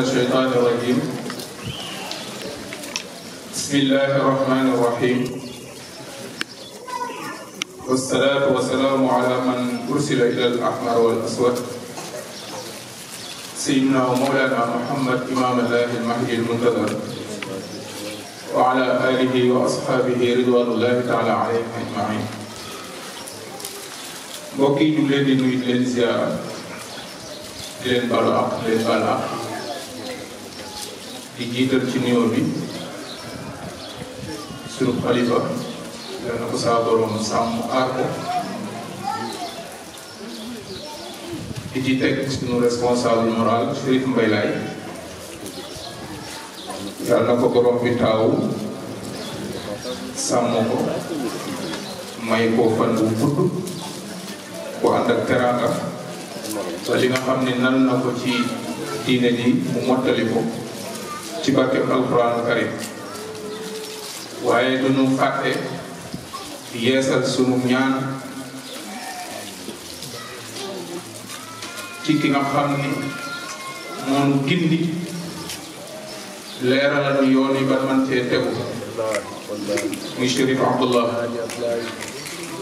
الشيطان الرجيم بسم الله الرحمن الرحيم والصلاة والسلام على من أرسل إلى الأحمر والأسود سيدنا ومولانا محمد إمام الله المهدي المنتظر وعلى آله وأصحابه رضوان الله تعالى عليهم أجمعين وكيل yi ñu leen di nuyu di jiital ci nuyoo bi sunu xalifa yal ko saa sàmm aar ko di teg sunu responsable moral Chérif Mbaye Laye yal na ko borom bi taawu sàmm ko may ko fan bu gudd ko ànd ak teraanga te li nga xam ne nan na ko ci diine ji mu mottali ko ci barkeb alxuraanu karim waaye duñu fàtte yeesal sunu ñaan ci ki nga xam ni moonu gindi leeralal nu yoon yi ba man cee Abdullah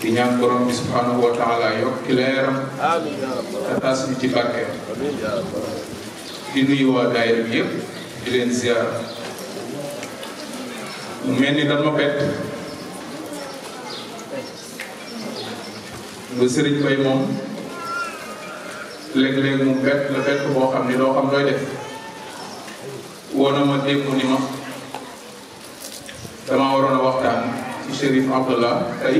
di ñaan borom bi subhanahu wa taala yokki leeram te tas bi ci barke di nuyu waa leen ziar mu mel ni dama bett ba sëriñ bay moom léeg-léeg mu bett la bett boo xam ni doo xam looy def woona ma démb ni ma dama waroon a waxtaan ci Chérif Abdallah tey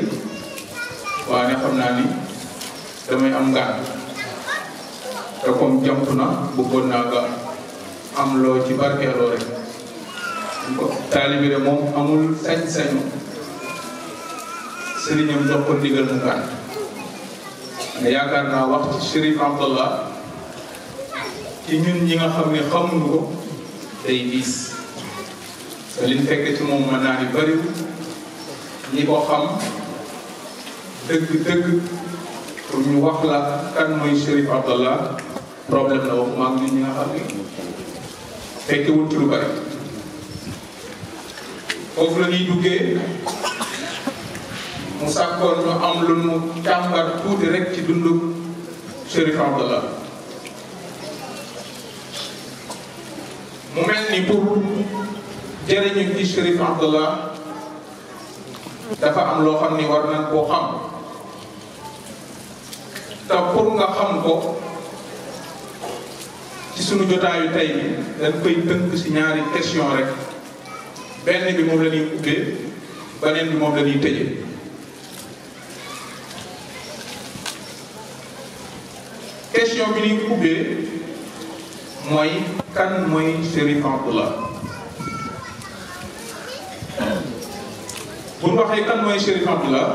waa ne xam naa ni damay am ngaan te comme jàmp na bëggoon naa ga am loo ci barkeeloo rek taalibi de moom amul sañ-sañu sëriñam jox ko ndigal mu gànt yaakaar naa wax ci Chérif Abdallah ci ñun ñi nga xam ne xamuñu ko day diis te liñ fekk ci moom mën naa ni bariwul ñi ko xam dëgg-dëgg ñu wax la kan mooy Chérif Abdallah problème la waxuma ak nit ñi nga xam ne fekke wul ci lu bari foofu la ñuy duggee mu sàkkoon ñu am lu mu càmbar tuuti rek ci dundu Chérif Abdallah mu mel ni pour jëriñu ci Chérif Abdallah dafa am loo xam ni war nañ koo xam te pour nga xam ko ci sunu jotaayu tey bi dañ koy tënk ci ñaari question rek benn bi moom la ñuy ubbee beneen bi moom la ñuy tëjee. question bi ñuy ubbee mooy kan mooy Chérif Abdoulaye. bu ñu waxee kan mooy Chérif Abdoulaye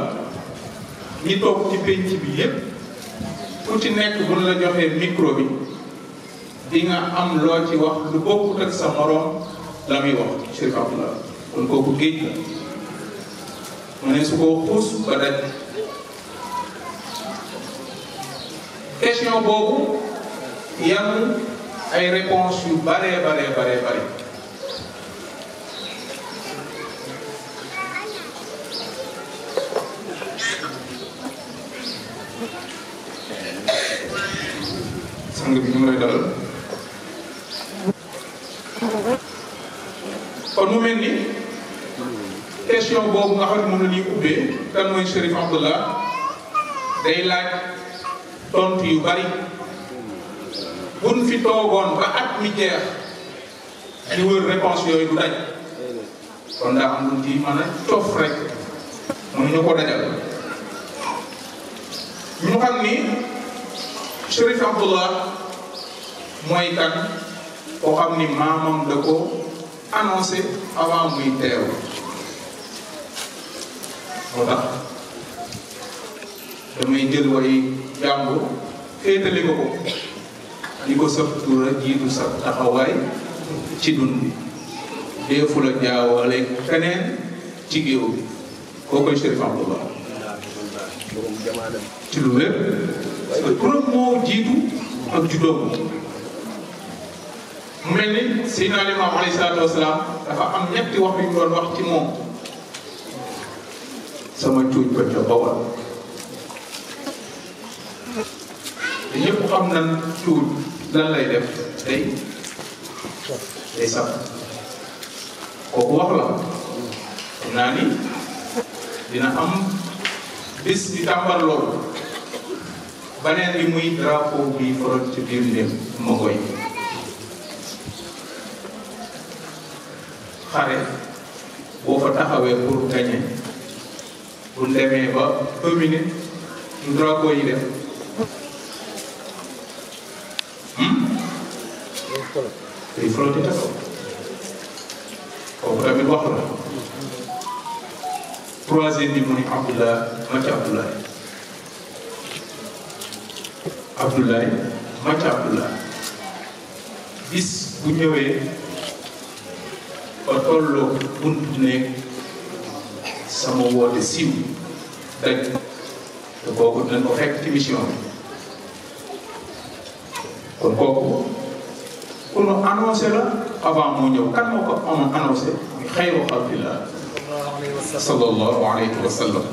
ñi toog ci penc bi yépp ku ci nekk bu ñu la joxee micro bi. di nga am loo ci wax lu bokkut sa morom la wax Cheikh Abdoulaye la mu ne su koo xuus ba daj question boobu yam ay réponse yu bare bare bare bare kon mu question boobu nga xam ne moom la ñuy ubbee kan mooy Cherif Abdallah day laaj tontu yu bari buñ fi toogoon ba at mi di wër réponse yooyu du kon daa am lu ci mën a cof rek mënuñu ko dajal ñu xam ni Cherif Abdallah mooy kan koo xam ni maamam da annoncé avant muy teew moo tax damay jël way jàmbur féetale ko ko di ko sëb tuura jiitu sa taxawaay ci dund bi deefu la jaawale keneen ci géew bi koo koy Chérif Abdoulaye ci lu wér parce que moo jiitu ak juddoom mu mel ni Seydina Limaamu alayhi salaatu wasalaam dafa am ñetti wax yu ñu wax ci moom sama cuuj bët la bawal xam nan cuuj lan wax la xam naa ni dina am bis di tàmbal loolu baneen bi muy drapeau bi foron ci biir ndéem koy xare boo fa taxawee pour gagner bu demee ba deux hmm? mu ni Abdoulaye Mathi Abdoulaye Abdoulaye Mathi bis bu ñëwee ba tolloo bunt ne sama woote siiw rek te kooku dinañ ko fekk ci mission bi kon kooku ku nu annoncé la avant moo ñëw kan moo ko amoon annoncé muy xayru xalqillah sallallahu alayhi wa sallam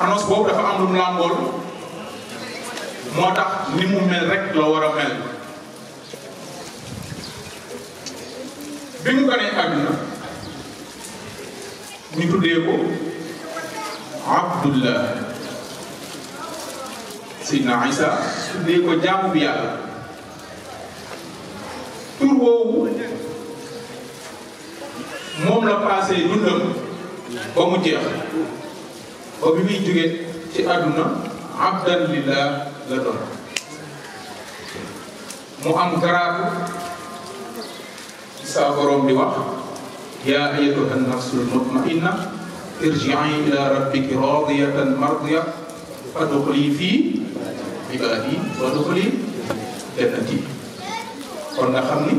annonce boobu dafa am lu mu làmbool moo tax ni mu mel rek la war a mel bi mu gënee àdduna ñu tuddee ko Abdullah Seydina Isa tuddee ko jaamu bi yàlla tur woowu moom la passé dundam ba mu jeex ba bi muy jógee ci àdduna abdan lillah la mu am garaatu سأغرم لوح يا أيها النفس المطمئنة ارجعي إلى ربك راضية مرضية فادخلي في عبادي وادخلي جنتي قلنا خمني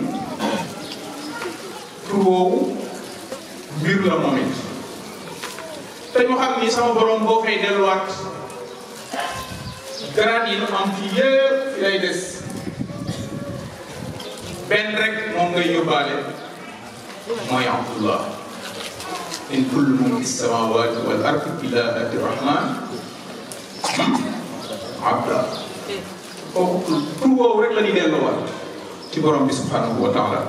كروو بير لا موميت تاي مو خامني سما بروم بو فاي دلوات غراني نو ام في ييب في لاي ديس benn rek moom ngay yóbbaale mooy abdullah in kullu man fi samawati wal ardi illa ati rahman abda kooku tur woowu rek la ñuy delloowaat ci borom bi subhanahu wa taala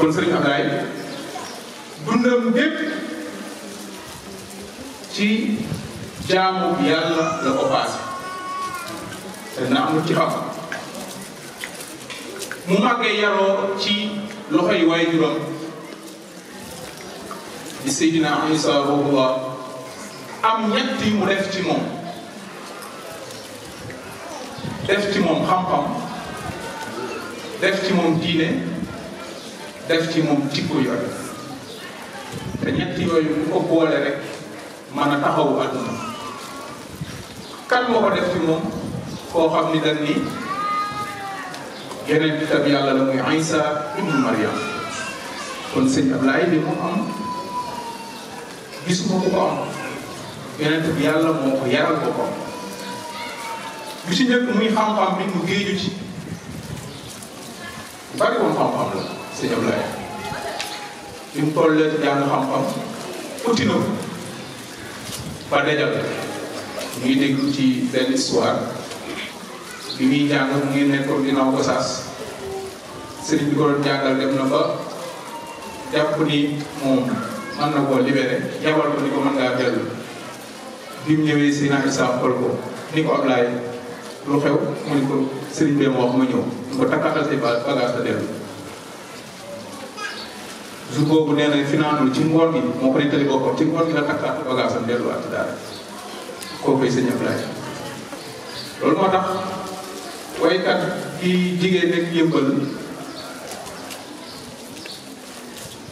kon sëriñ Ablaay dundam bépp ci jaamu yàlla la ko passé te dina am lu ci raw mu màggee yaroo ci loxo yi waaye juróom di Seydina Isa ruhullah am ñett mu def ci moom def ci moom xam-xam def ci moom diine def ci moom jikko yooyu te ñett yooyu bu ko boole rek mën a taxawu àdduna kan moo ko def ci moom koo xam ni dañ ni yeneen bi tam yàlla la muy Isa ibnu Maryam kon sëñ Ablaye li mu am gisuma ku ko am yeneen bi yàlla moo ko yaral ko ko bi ci njëkk muy xam-xam bi mu géeju ci bari woon xam-xam la sëñ Ablaye bi mu tollee ci xam-xam uti ba dajal muy déglu ci benn histoire bi muy jàng mu ngi nekkoon ginnaaw ko saas sëriñ bi ko doon jàngal dem na ba jàpp ni moom mën na koo libéré yabal ko ni ko mën ngaa dellu bi mu ñëwee si naan saa xool ko ni ko Ablaye lu xew mu ni ko sëriñ bi ma wax ñëw mu ko takkatal si bagage te dellu jour boobu nee na ci ngoon gi moo ko nettali ci ngoon gi la takkaat bagage am delluwaat ci daara koo koy sëñ Ablaye loolu moo tax waykat kii jigéen rek yëmbal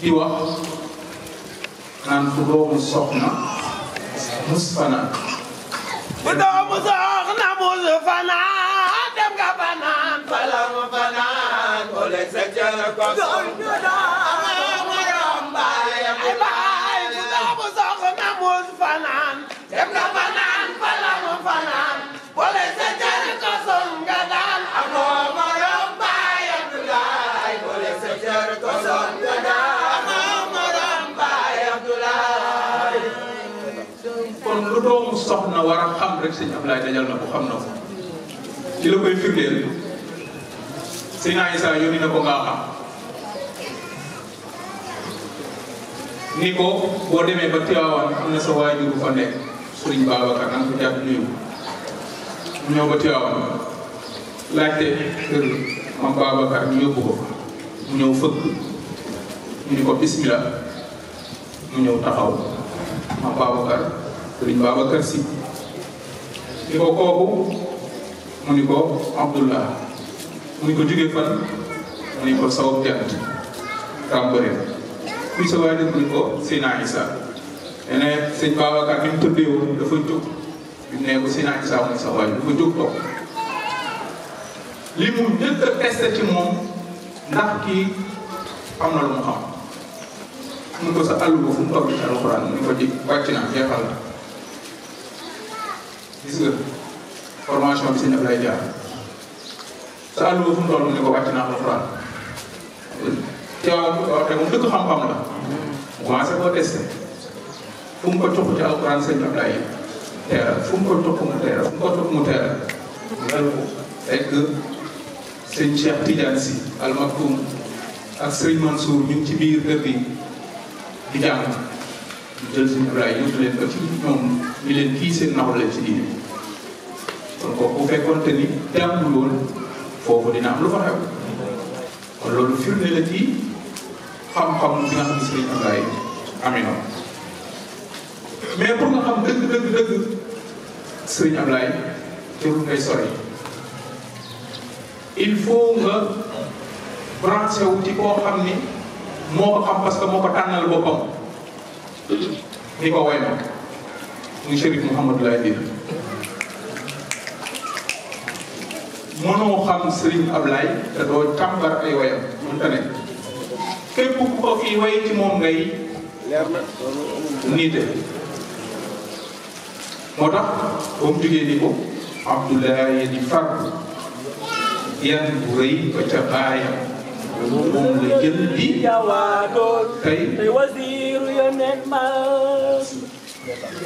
di wax naan ku doomu soxna musfana ku doomu soxna musfana dem nga fanaan fala mu fanaan ko lekk sa jara ko war a xam rek sëñ Ablaye dajal na ko xam na ko ci la koy firndeel sëñ Aïssa yónni na ko ngaa xam ni ko boo demee ba Tiwaawan am na sa waajur bu fa nekk sëriñ Babacar na nga ko jàpp nuyu ñëw ba Tiwaawan laajte kër ma Babacar ñu yóbbu ko mu ñëw fëgg ñu ni ko mu ñëw taxaw ma Babacar sëriñ Babacar si ni ko kooku mu ko abdullah mu ni ko jóge fan mu ni ko saw jant kàmbare kuy ya. so waay mu ni ko sina isa ene na sëñ babacar ni mu tëddee woon dafa jóg bi ne ko sina isa mu sa waay dafa jóg ko limu mu njëkk a testé ci moom ndax kii am na lu mu xam mu ko sa àll ba fu mu toog ci alxuraan mu ni ko ji wàcc na jeexal na gis nga formation bi sëñ Ablaye Dia sa àll ba fu ni ko wàcc naa alxuraan teewaaw te moom dëkk xam-xam la mu commencé koo testé fu mu ko toq ci alxuraan sëñ Ablaye teera fu ko toq mu teera fu ko toq mu teera loolu rek sëñ Cheikh Tidiane Sy Al ak sëñ Mansour ñu ci biir dëkk bi di jàng jël seen bras yóbbu leen ba ci ñoom ñu leen kii seen nawle ci diine kon kooku bu ni jàngul woon foofu dina am lu fa xew kon loolu firnde la ci xam-xam bi nga xam ne mais pour nga xam dëgg dëgg dëgg Serigne Ablaye jarul ngay sori il faut nga branché wu ci koo xam ni moo ko xam parce moo ko tànnal boppam. di ko way ma muy Chérif Mouhamadou Laye Diène mënoo xam Serigne Ablaye te doo càmbar ay wayam mënta ne ko fi way ci moom ngay niite moo tax ba mu jógee ni ko Abdoulaye di far yan bu rëy ba ca moom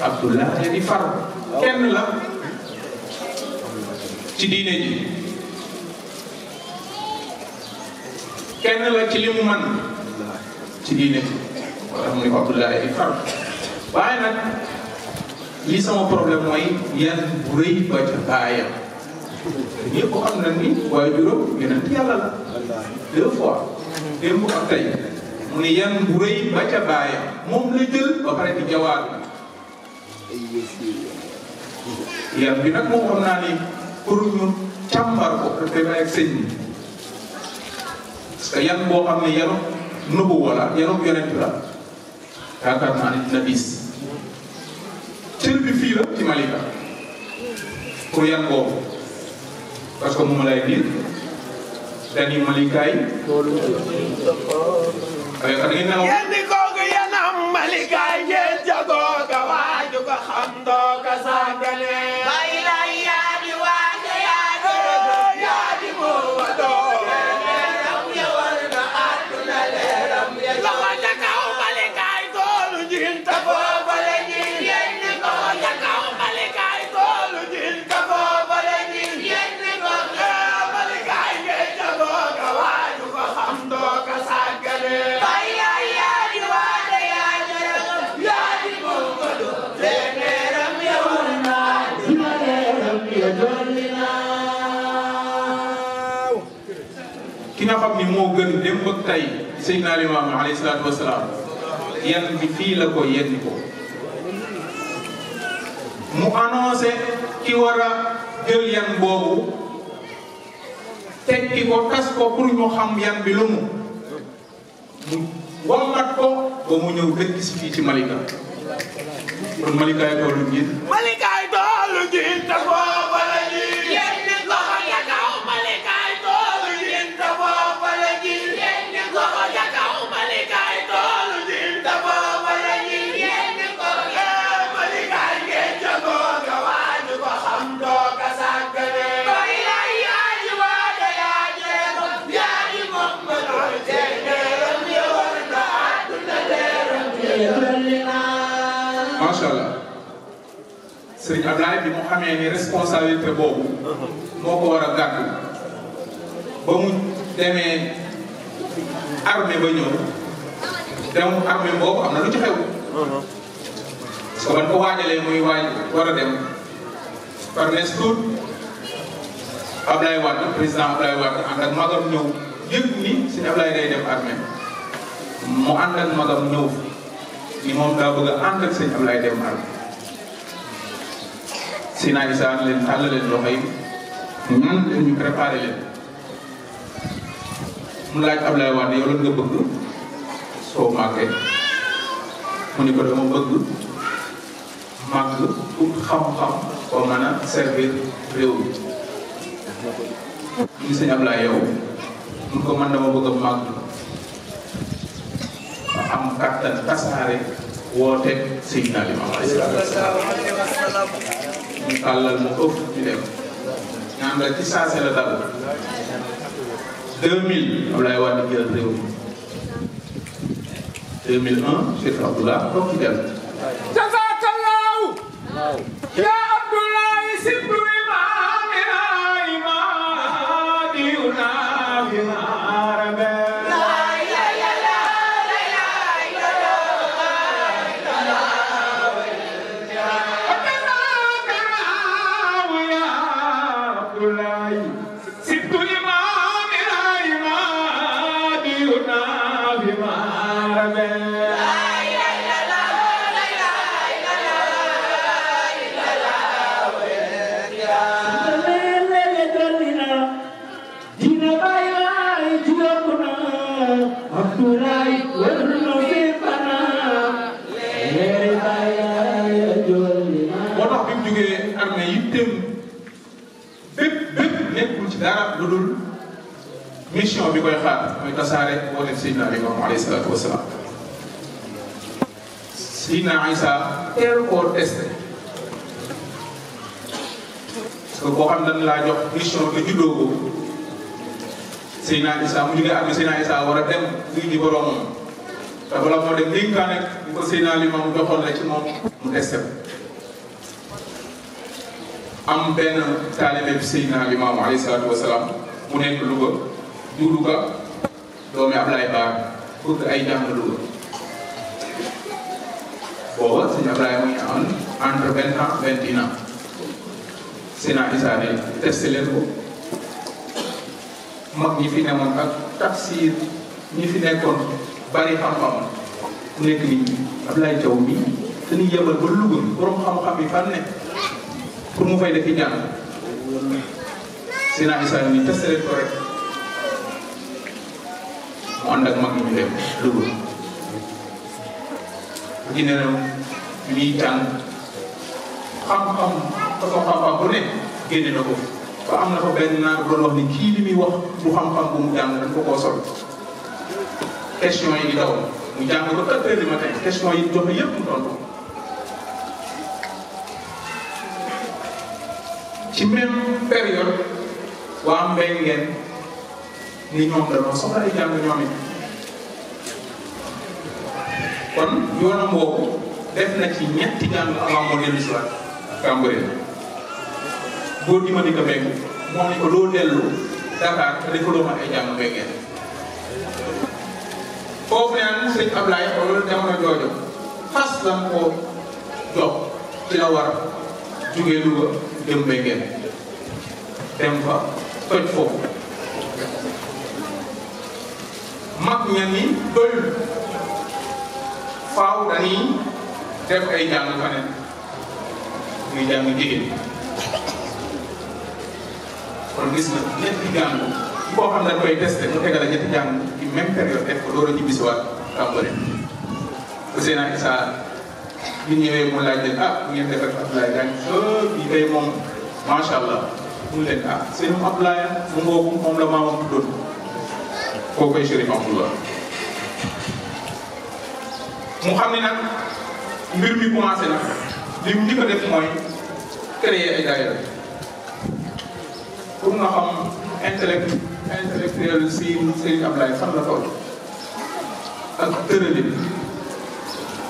Abdullah di far kenn la ci diine ji la ci man ci diine ji Abdullah di far waaye nag li sama problème mooy yan bu rëy ba ca baayam ñëpp xam na ni la deux fois démb ak tey mu ne yan bu rëy ba ca bàyyi moom la jël ba pare di jawaat yan bi nag moom xam naa ni pour ñu càmbar ko te ak sëñ bi parce que yan boo xam ne yanu nubu wala yanu yonent la yaakaar naa ne cër bi fii la ci malika pour yan boobu parce que mu lay dire dani malikaay ay xadi na yandi ko ga yanam malikaay ngeen jagoo xam doo ka saay ni moo gën démb ak tey Seydina Limaamu alayhi salaatu wa salaam yan fii la ko yenni ko mu annoncé ki war a jël yan boobu tekki ko tas ko pour ñu xam yan bi lu mu mu wommat ko ba mu ñëw dëkk si fii ci Malika kon Malika ay toolu Malika sëriñ Ablaye bi mu xamee ni responsabilité boobu moo ko war a gàddu ba mu demee armée ba ñëw dem armée boobu am na lu ci xew parce waajalee muy waaj war a dem par les tours Ablaye Wade président Ablaye Wade ànd magam ñëw yëg ni suñu Ablaye day dem armée mu ànd ak magam ñëw ni moom daa bëgg a ànd ak sëñ dem armée Sina Issa leen tàll leen loxo leen ñu préparé leen mu laaj Ablaye Wade yow lan nga bëgg soo màggee mu ni ko dama bëgg màgg ut xam-xam boo mën a servir réew mi. ñu sëñ Ablaye yow mun ko man dama bëgg a màgg am kattan tasaare woote sëñ Nabi Muhammad mu tàllal mu ëpp ñu 2000 2001 Cheikh Abdoulaye toog dem. ne yitteem bépp nekkul ci dara lu dul mission bi koy xaar mooy tasaare boo leen Seydina bi moom alayhi salaatu salaam. Seydina Isa teel koo testé parce koo xam dañ laa jox mission nga juddoo ko Seydina Isa mu jógee àdduna Seydina Isa war a dem lii di boromam te bala moo dem dénkaane bu ko Seydina Limaamu joxoon la ci moom mu testé am benn taalibe bi Limaamu alayhi salaatu wa salaam mu nekk Louga du Louga doomi Ablaye Ba bëgg ay jàng Louga booba sëñ Ablaye mu ngi am entre vingt ans vingt et un ans Seydina Issa ne testé leen mag ñi fi newoon ak tafsir ñi fi nekkoon bari xam-xam ku nekk nit ñi Ablaye Thiaw mi dañuy yebal ba Louga borom xam-xam yi fan nekk pour mu fay dafi ñaan Seydina Issa ni testé leen ko rek mu ànd ak mag ñu dem Louga gi ne ñuy jàng xam-xam façon xam-xam bu ne génne na ko ba am na fa benn naa doon wax ni kii li muy wax bu xam-xam bu mu jàng dañ ko koo sol question yi di daw mu jàng ba quatre heures du matin question yi joxe yëpp mu tontu ci même période waa mbéy ngeen ni ñoom dañoo soxla di kon yoonam def na ci ñetti jàng avant moo dellu si waat Cambérène góor gi ma ni ko mbéy moom ni dellu Dakar te dañ ko ay jàng mbéy ngeen foofu naan sëñ Ablaye wala jamono joojo fas la ko jox ci la war a jugee jëm bay ngeen dem fa toj foofu mag ña ni doyul faaw dañuy def ay jàng faneen muy jàng jigéen kon gis na ñetti jàng boo xam ne koy testé mu tegale ñetti jàng ci même période def ko loolu ñu bisiwaat tàmbale Ousseynou Issa bi ñëwee mu laaj leen ah bu ngeen def ak Abdoulaye Diagne euh, bi day moom macha allah mu leen ah sëñ Abdoulaye mu ngoogu moom la maamam tuddoon kooku ay Chérif Abdoulaye mu xam ne nag mbir mi commencé na li mu njëkk a def mooy créer ay daayira pour nga xam intellect intellectuel si Serigne Abdoulaye fan la toll ak tëralin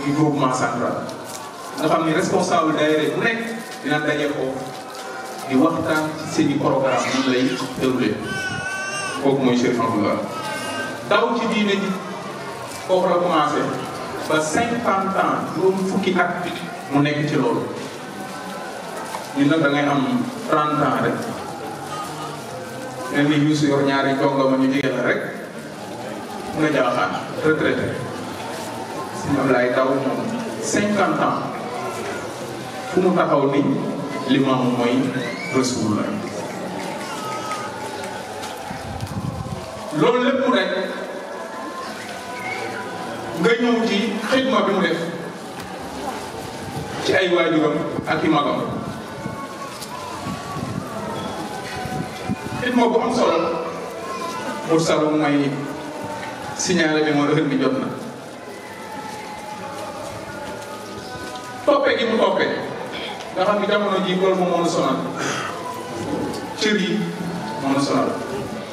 muy groupement central nga xam ni responsable daayira bu nekk dina daje ko di waxtaan ci seen programme yi lay déroulé kooku mooy Chérif Abdoulaye daw ci diine ji foofu la commencé ba cinquante ans juróom fukki at mu nekk ci loolu ñun nag da am trente ans rek mel ni ñu si yor ñaari jongama rek suñu Ablaye Daw moom cinquante ans fu mu taxaw ni limaamu mooy Rasulullah loolu lépp rek nga ñëw ci xidma bi mu def ci ay waajuram ak i magam xidma bu am solo mursalu mooy signalé bi moo rëdd bi jot na toppe gi mu toppe nga xam ni jamono ji loolu moom moo ñu sonal cër yi moo ñu sonal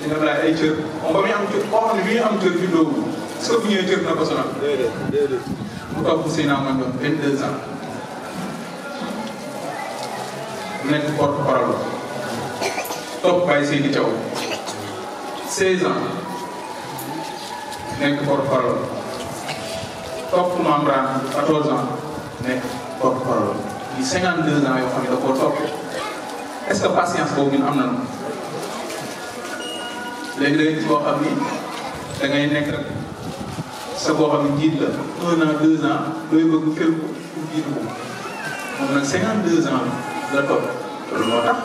dina am ay cër moom ba am cër koo xam ne bi am cër bi doogu est-ce que bu ñëwee cër na ko sonal. mu topp Seydina Mohamed vingt-deux ans nekk porte-parole topp Baye Seydi Thiaw seize ans nekk porte-parole topp Mame Rane quatorze ans nekk. porte-parole di 52 ans yoo xam ne da léegi da boo xam ni da nekk sa boo xam ne jiit la un an deux ans looy bëgg fépp pour jiitu ko moom nag 52 ans la topp loolu moo tax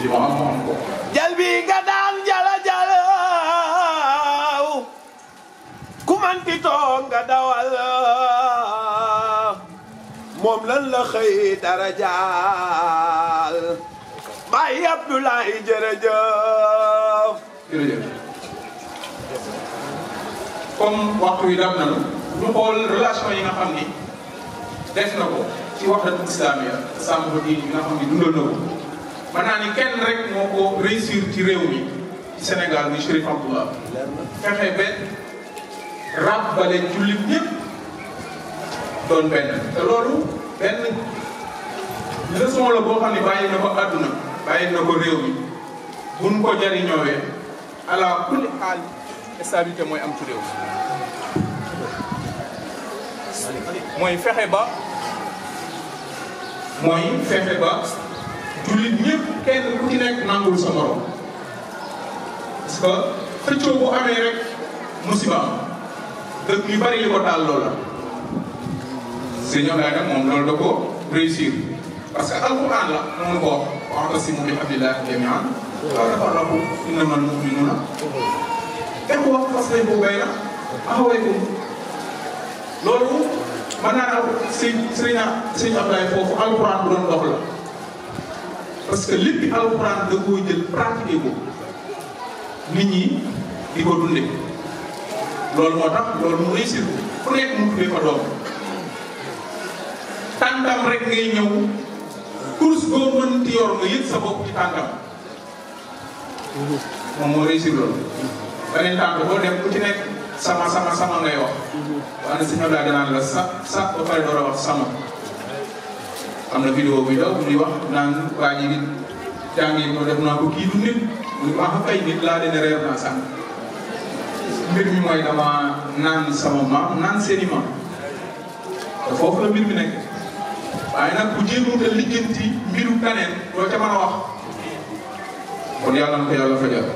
li mu am mu am ko. jal nga daan jala jalaw ku man ti toog nga dawal. moom lan la xëy darajaal Baye Abdoulaye jërëjëf. jërëjëf comme waxtu yi dab nañu ñu xool relation yi nga xam ni des na ko ci waxtaan islamiya sàmm ko diini bi nga xam ni dundal na ko mën naa ni kenn rek moo ko réussir ci réew mi ci Sénégal muy Chérif Abdoulaye fexe ba ràbbale jullit ñëpp doon benn te loolu. benn leçon la boo xam ne bàyyi na ko àdduna bàyyi na ko réew mi buñ ko jariñoowee ala kulli xaal stabilité mooy am ci réew mooy fexe ba mooy fexe ba jullit ñëpp kenn ku nekk nangul sa morom parce que bu amee rek musiba dëkk yu bari li ko daal loola Seigneur Daara moom loolu da ko réussir parce que alquran la mënu ko wax wa'tasimu bi hablillahi jami'an wa la tafarraqu innamal mu'minuna ikhwa faslihu bayna na si sëriñ sëriñ Abdoulaye foofu alquran bu doon dox la parce que lépp alquran da koy jël pratiquer ko nit ñi di ko dundee mu réussir mu ko doom tàndam rek ngay ñëw course boo mën di yor nga yëg sa bopp ci tàndam moom réussir dem ku ci sama sama sama ngay wax waaye si ñëw daal la sax ba wax sama am video vidéo daw muy wax naan waa nit jàngee ko def naa ko kii du nit mu ma xam nit mbir mi dama sama maam nan seeni maam te la mbir waaye nag bu jéemoo te lijjanti mbiru kaneen doo ca mën a wax kon yàlla na ko yàlla fajal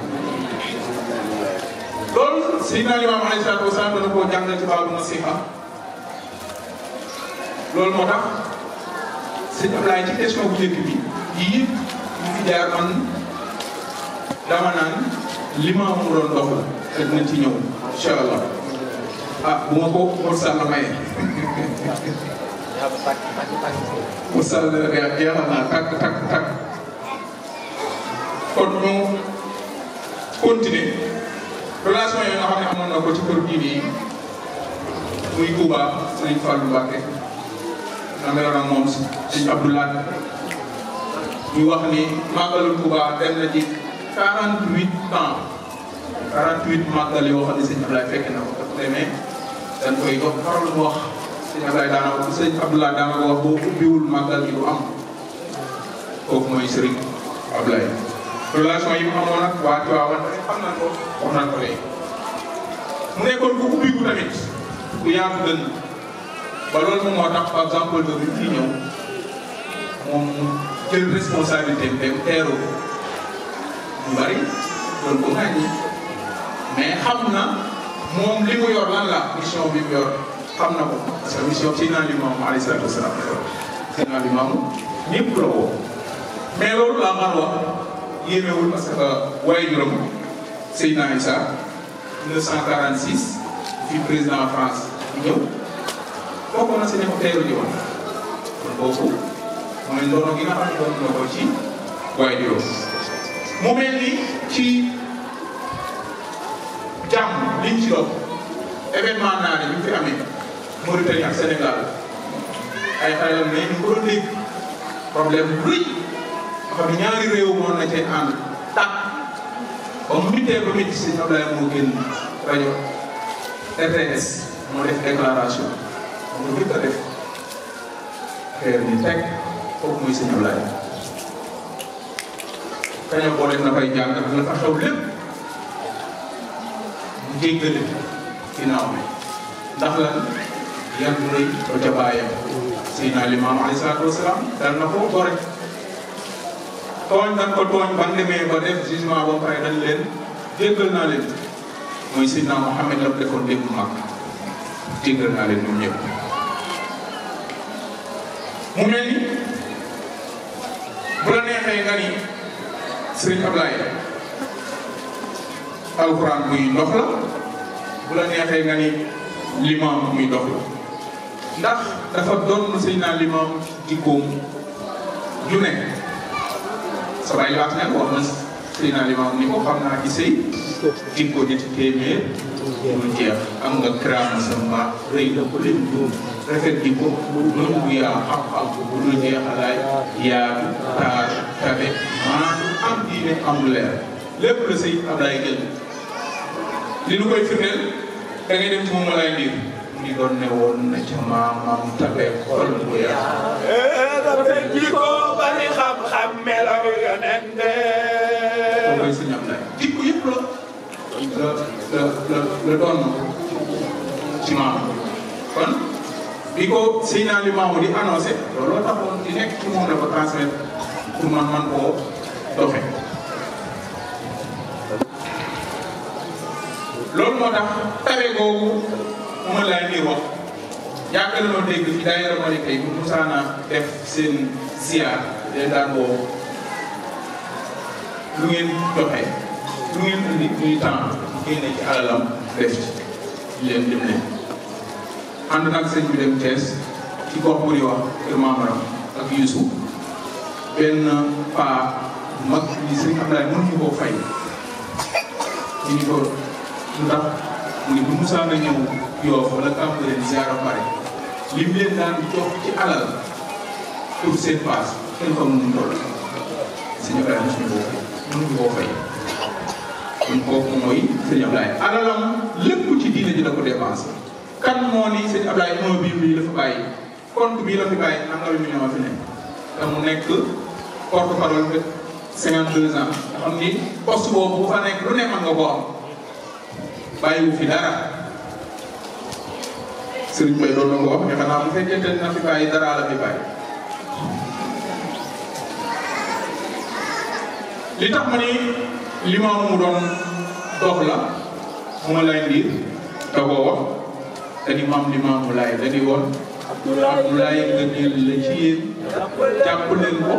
loolu Seydina Limaam alayhi salaatu wa salaam dana koo jàngal ci baabu nasiha loolu moo tax sëñ Ablaye ci question bu njëkk bi yii yëpp ñu dama naan li ma doon dox la te dinañ ci ñëw incha allah ah bu ma ko Mor Sall maye. musal rek nah, tak tak tak continuer 48 ans 48 màggal yoo xam ne Abdoulaye fekk na ko daf koy parole wax sëñ Abdoulaye daana ko sëñ Abdoulaye daana ko wax boo ubbiwul màggal du am kooku mooy sëriñ Abdoulaye relation yi mu amoon ak waa Tiwaawan tamit xam nañ ko wax nañ ko léegi mu nekkoon ku ubbiwu tamit ku yaatu gën ba loolu moom moo par exemple ba bi ñëw moom mu jël responsabilité bi dem teeru bari loolu ko ŋàññi mais xam na moom li mu yor lan la mission bi yor xam na ko sa mission Seydina Limaamu alayhi salaatu wa salaam Seydina Limaamu ñëpp la woo mais loolu laa mën wax yéemewul parce que euh, waaye juróom Seydina Issa 1946 fi président France di ñëw bokk na si ne ko teeru ji woon kon boobu mooy ndono gi nga xam ne doon na ci waaye juróom mu mel ni ci jàmm liñ ci doon événement naa ne ñu fi amee Mauritanie ak Sénégal ay xelal mais ñu ko doon problème bu rëy xam ñaari réew moo na cee ànd tàkk ba mu nitee ba métti si Abdoulaye moo génn rajo RTS moo def déclaration moo ko jëkk a def xeer ni teg foofu mooy sëñ Abdoulaye kaña boo def na fay jàng ak la fa xew lépp mu jéggale ginnaaw bi ndax lan yan bu rëy ba ca Limaamu aleyhi salaatu wa salaam dal na ko gore tooñ dañ ko tooñ muy ndox ndax dafa doon Seydina Limaamu jikkoom ju ne sa baay wax ne wax na Seydina Limaamu ni ko xam naa ci sëy jikko ñetti téeméer mu jeex am nga kiraama sa mbaax rëy na leen doom rafet jikko noonu bu yaa xam-xam bu dul jeexalaay yaatu taar tabe maanaam am diine am leer lépp la sëy Ablaay gën li nu koy firndeel da ngay dem moom lay ndiir li doon ne woon na ca maamam tabe xol bu yàq. dafa jikko bari xam-xam melaw yonente. loolu mooy sëñ am na jikko yëpp la. la la la la doon ci maamam kon bi ko sëñ naa li maamu di annoncé looloo taxoon di nekk ci moom la ko transmettre pour man man koo doxe loolu moo tax tabe googu. ma laa nii wax yàgg na dégg fi daayira Malika yi bu musaana def seen ziar den daan woo lu ngeen joxe lu ngeen indi muy temps génne ci alalam def ci leen dem ne ànd nag sëñ bi dem Thiès ci gox bu wax kër Mamaram ak Youssouf benn paa mag bi sëñ Abdoulaye mënuñu fay ñu ni ko lu tax ni bu musaana ñëw Yoff wala Cambérène ziara Paris li mu leen daan jox ci alal pour seen paas kenn xamul nu mu toll. sëñ Ablaye mosu ñu ko mënu ko fay kon kooku mooy sëñ Ablaye alalam lépp ci diine ji la ko dépensé. kan moo ni sëñ Ablaye moom bii bii la fa bàyyi compte bii la fi bàyyi nangami million fi nekk te mu nekk porte parole bi 52 ans nga xam ni poste boobu bu fa nekk lu ne mën nga ko am bàyyiwu fi dara. sëriñ Mbaye loolu la nga wax ne xanaa bu fekkente ne na fi dara la fi li tax ma ni li doon dox la mu ma lay ndiir da koo wax dañu maam li maamu laay dañuy woon Abdoulaye nga jël la ci yéen leen ko.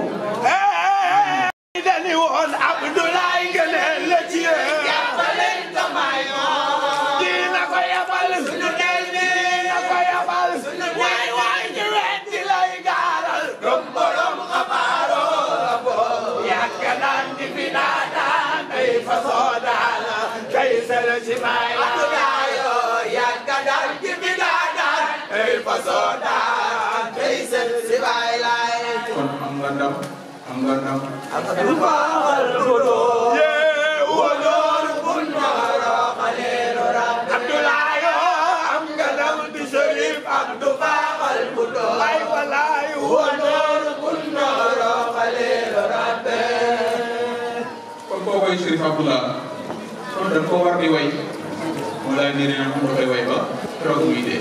jël ci may laayoo yàgga dal gi bi daa daan ay façon daan tey sël ci bay laay kon am nga ndam am nga ndam am nga ndam Shirif Abdullah da nga koo war di way Mawlaay nee na mu koy way ba keroog muy dee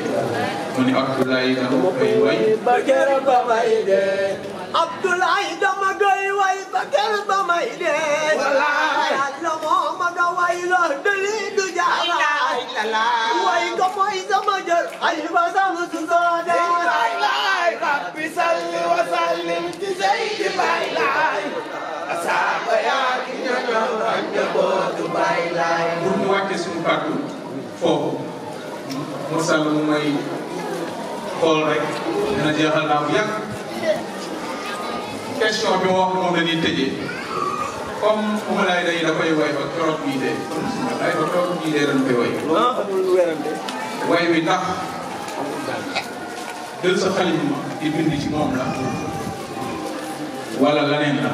mu ne Abdoulaye dama koy way ba keroog ba may dee Abdoulaye dama koy way ba keroog ba may dee ak njabootu Baay Laay pour mu wàcce suñu kàddu foofu Moussa la mu may xool rek dina jeexal naa bu yàgg question bi ma wax moom la ñuy tëjee comme Oumou Laye day da way ba trop ñuy dee. waaye ba trop ñuy dee dañ way. way wi ndax jël sa xalima di bind ci moom la wala leneen la.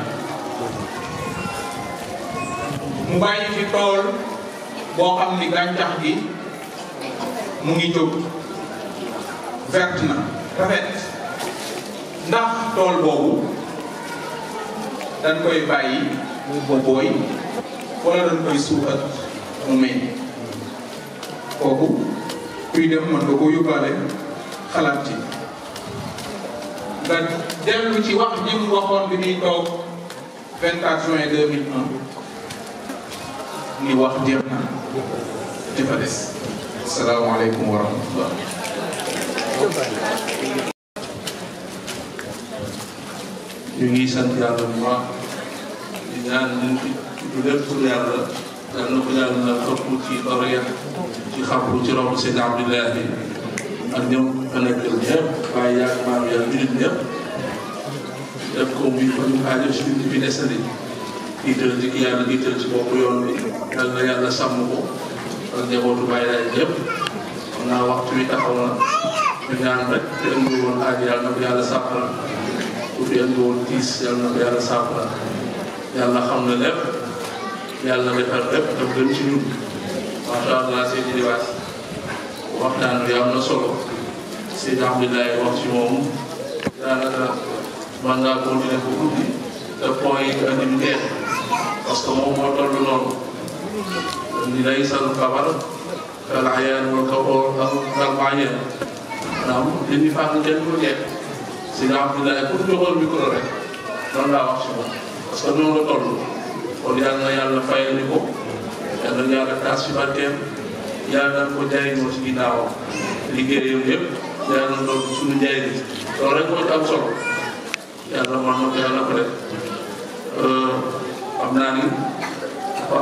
mu bàyyi fi tool boo xam ni gàncax gi mu ngi jóg vert na rafet ndax tool boobu dañ koy bàyyi mu booy wala dañ koy suuxat mu meññ kooku kuy dem mën nga ko yóbbaale xalaat ci nga dellu ci wax ji mu waxoon bi muy toog 24 juin 2001 ni wax jéem na jëfa des asalaamaaleykum wa rahmatullah ñu ngi sant yàlla bu baax di ñaan ñu ci tudd lépp pour yàlla yàlla na ko yàlla na topp ci doroya ci xabru ci romb seen abdillahi ak ñoom fa nekkal ñëpp waaye yaag maam yàlla jullit ñëpp def ko muy fa ñu xaajal suñu fi desali di tëral ci yàlla di tëral ci bopp yoon bi yal yàlla sàmm ko ak njabootu bàyyi laay yëpp xam naa waxtu wi taxaw na ñu ñaan rek te indi woon aaj yàlla yàlla saafara na yàlla xam na lépp yàlla defar lépp daf gën ci ñun macha allah seen libaas waxtaan bi am na solo sëñ Abdoulaye wax ci moom daanaka mën ngaa continuer ko guddi te point yi nga neex parce que moom moo toll noonu ni lay sal kabar kal ayaan wal kaboor ak kal bañeen maanaam li ñu fànn kenn ko jeex si nga xam ne daal pour joxoon micro rek noonu laa wax si moom parce que noonu la toll kon yàlla na yàlla fayal ni ko yàlla na yàlla taas rek moo ci solo yàlla mën na ko ko def xam naa ni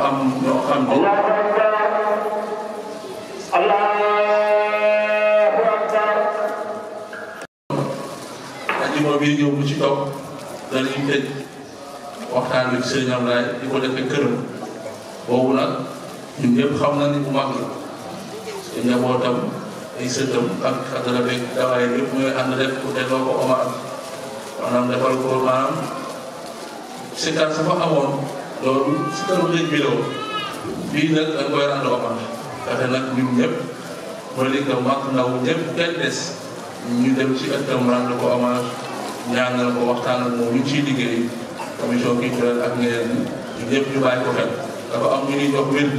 am ñoo xam ne. ajuma bi ñëw bu ci topp danañ tëj waxtaan bi sëriñ Ablaye di ko defee këram boobu nag ñun ñëpp xam na ni bu mag la te ay sëtam ak xadara beeg dawaay yëpp ñooy ànd def ku delloo ko Omar maanaam defal ko maanaam. seetaan su fa amoon loolu si kaw géej bi la woon bii nag da nga koy ràndoo nag ñun ñëpp mooy li nga mag ndaw ñëpp kenn des ñu dem ci ëttam rendre ko hommage ñaanal ko waxtaan ak moom ñu ciy liggéey commission culturelle ak ñeneen ñi ñëpp ñu bàyyi ko xel dafa am ñu ñuy jox wérd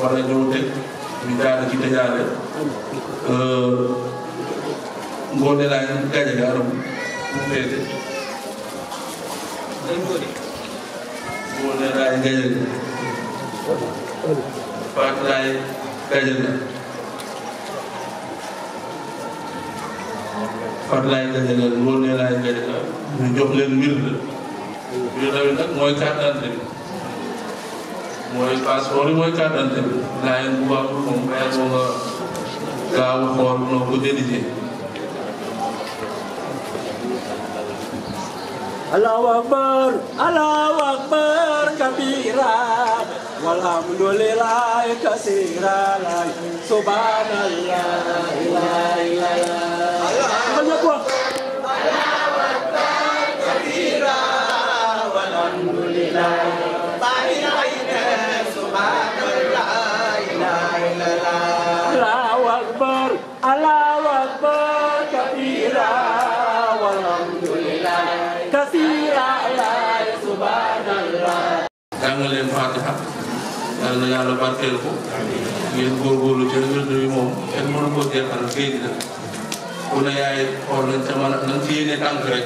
war na ñëw teg ñu jaare ci tëjaale euh, ngoone laa ñu gaje gaaram mu féete mu ne laay gajal faat laay gajal faat laay gajal mu ne laay gajal ñu jox leen wird wird tamit nag mooy carte d'identité mooy passeport yi mooy carte d'identité bi laayeen bu moom xëy na nga gaaw xool noo ko délijee Allahu Akbar, Allahu Akbar kabira Walhamdulillah kasira Subhanallah, ilah ilah Allahu Akbar, Allahu Akbar kabira Walhamdulillah jàngal leen Fatiha yàlla na yàlla barkeel ko ngeen góorgóorlu ca wird bi moom kenn mënu ko jeexal ne yaay xool nañ ca mën a nañ ci yéene tànk rek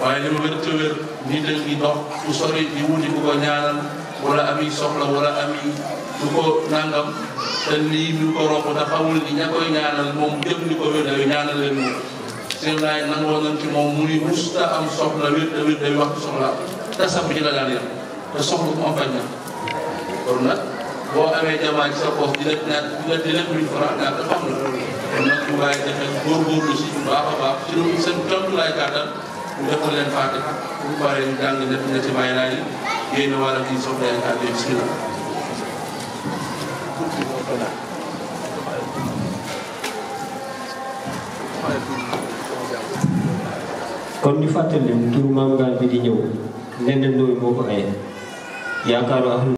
waaye li ma wér ca wér nit a ngi dox su sori di wuti ku ko ñaanal wala ami soxla wala ami du ko nangam te nii ñu ko roq te xamul ni ñaanal moom jëm ni ko wér ñaanal leen moom sëñ laay nangoo nañ moom mu ni am soxla wér da wér day waxtu soxla te samp ci la daan te soxla ku am faj na kon nag boo amee jamaa sa poos di def ñaar di def di def mille franc ñaar dafa am la kon nag mu bàyyi defee góorgóorlu si bu baax a baax ci lu seen tontu laay kàttan mu leen fàtte bu paree ñu jàng def na ci may laay génn wàllam ci soxla yaakaar bi bismillah kon ñu fàttali leen turu maam Gaal bi di ñëw lenn ndooy moo ko aye yaakaaru